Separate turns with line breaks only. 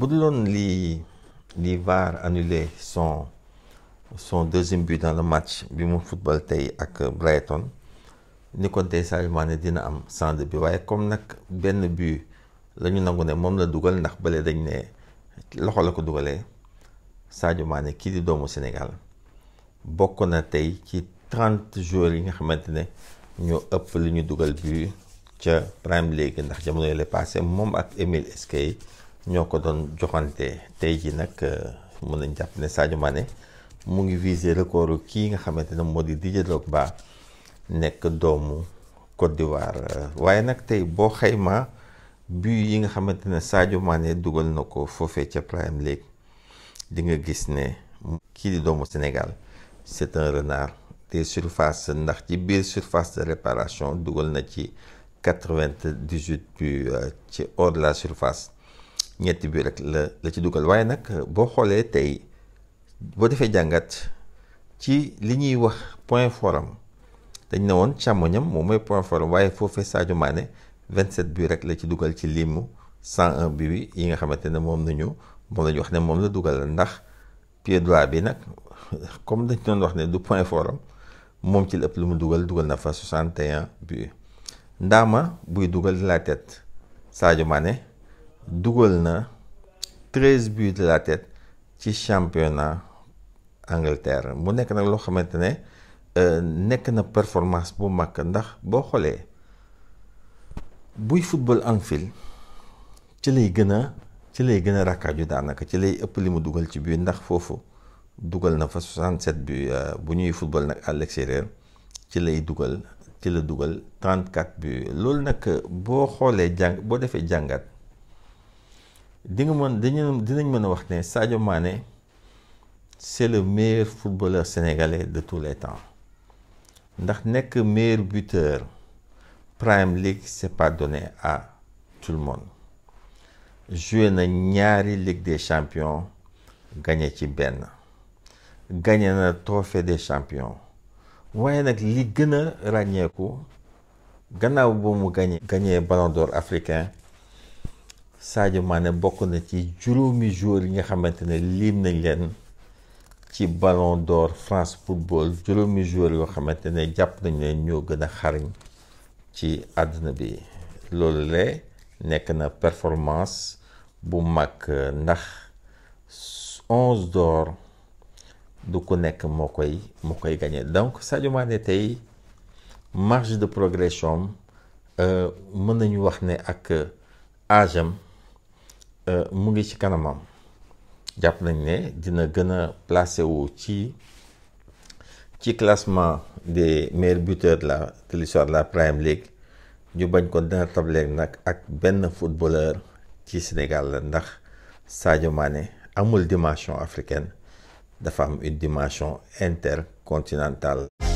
bu duloon li li VAR annulé son son deuxième but dans le match bi mu football tey ak Brighton ni ko tey Sadio dina am sans bi waaye comme nag benn but lañu ñu nangu ne moom la dugal ndax bële dañ ne loxo la ko dugalee Sadio Mané kii di doomu Sénégal bokk na tey ci trente joueurs yi nga xamante ne ñoo ëpp li ñu dugal but ca Premier League ndax jamono yële passé moom ak Emile Eskay ñoo ko doon joxante tey jii nag euh, mën nañ jàpp ne Sadio Mané mu ngi visé record kii nga xamante ne moo di Didier Drogba nekk doomu Côte d'Ivoire waaye nag tey boo xaymaa bu yi nga xamante ne Sadio Mané dugal na ko foofee ca Premier League di nga gis ne kii di doomu Sénégal c'est un renard te surfaces ndax ci biir surface de réparation dugal na ci quatre-vingt-dix-huit buts euh, ci hors la surface ñetti bi rek la la ci dugal waaye nag euh, boo xoolee tey boo defee jàngat ci li ñuy wax point forum dañ ne woon càmmoñam moom mooy point forum waaye foofee Sadio Mané 27 bi rek la ci dugal ci limu 101 bi yi nga xamante ne moom nañu moom la ñu wax ne moom la dugal ndax pied droit bi nag comme dañ doon wax ne du point forum moom ci la ëpp lu mu dugal dugal na fa 61 bi ndaama buy dugal la tête Sadio Mané. dugal na treize bu de la tête ci championnat Angleterre mu nekk nag loo xamante ne euh, nekk na performance bu mag ndax boo xoolee buy football Anfield ci lay gën a ci lay gën a rakkaaju daanaka ci lay ëpp li mu dugal ci biir ndax foofu dugal na fa 67 buts euh, bu ñuy football nag à ci lay dugal ci la dugal 34 buts loolu nag boo xoolee jàng boo defee jàngat. di nga mën dinañ mën a wax ne Sadio Mané c'est le meilleur footballeur sénégalais de tous les temps ndax nekk meilleur buteur prime league c'est pas donné à tout le monde joué na ñaari ligue des champions gagné ci benn gagné na trophée des champions waaye nag li gën ràññeeku gannaaw ba mu gañee gagné ballon d'or africain Sadio Mané bokk na ci juróomi joueur yi nga xamante ne lim nañ leen ci Ballon d'Or France Football juróomi joueur yoo xamante ne jàpp nañ leen ñoo gën a xariñ ci àdduna bi loolu la nekk na performance bu mag ndax onze d'or du ko nekk moo koy moo koy gagné donc Sadio Mané tey marge de progression euh, mën nañu wax ne ak âge Euh, mu ngi ci kanamam jàpp nañ ne dina gën a placé wu ci ci classement de maire buteurs la de la Prime League ñu bañ ko dina tableeg nag ak benn footballeur ci Sénégal la ndax Sadio Mané amul dimension africaine dafa am une dimension intercontinentale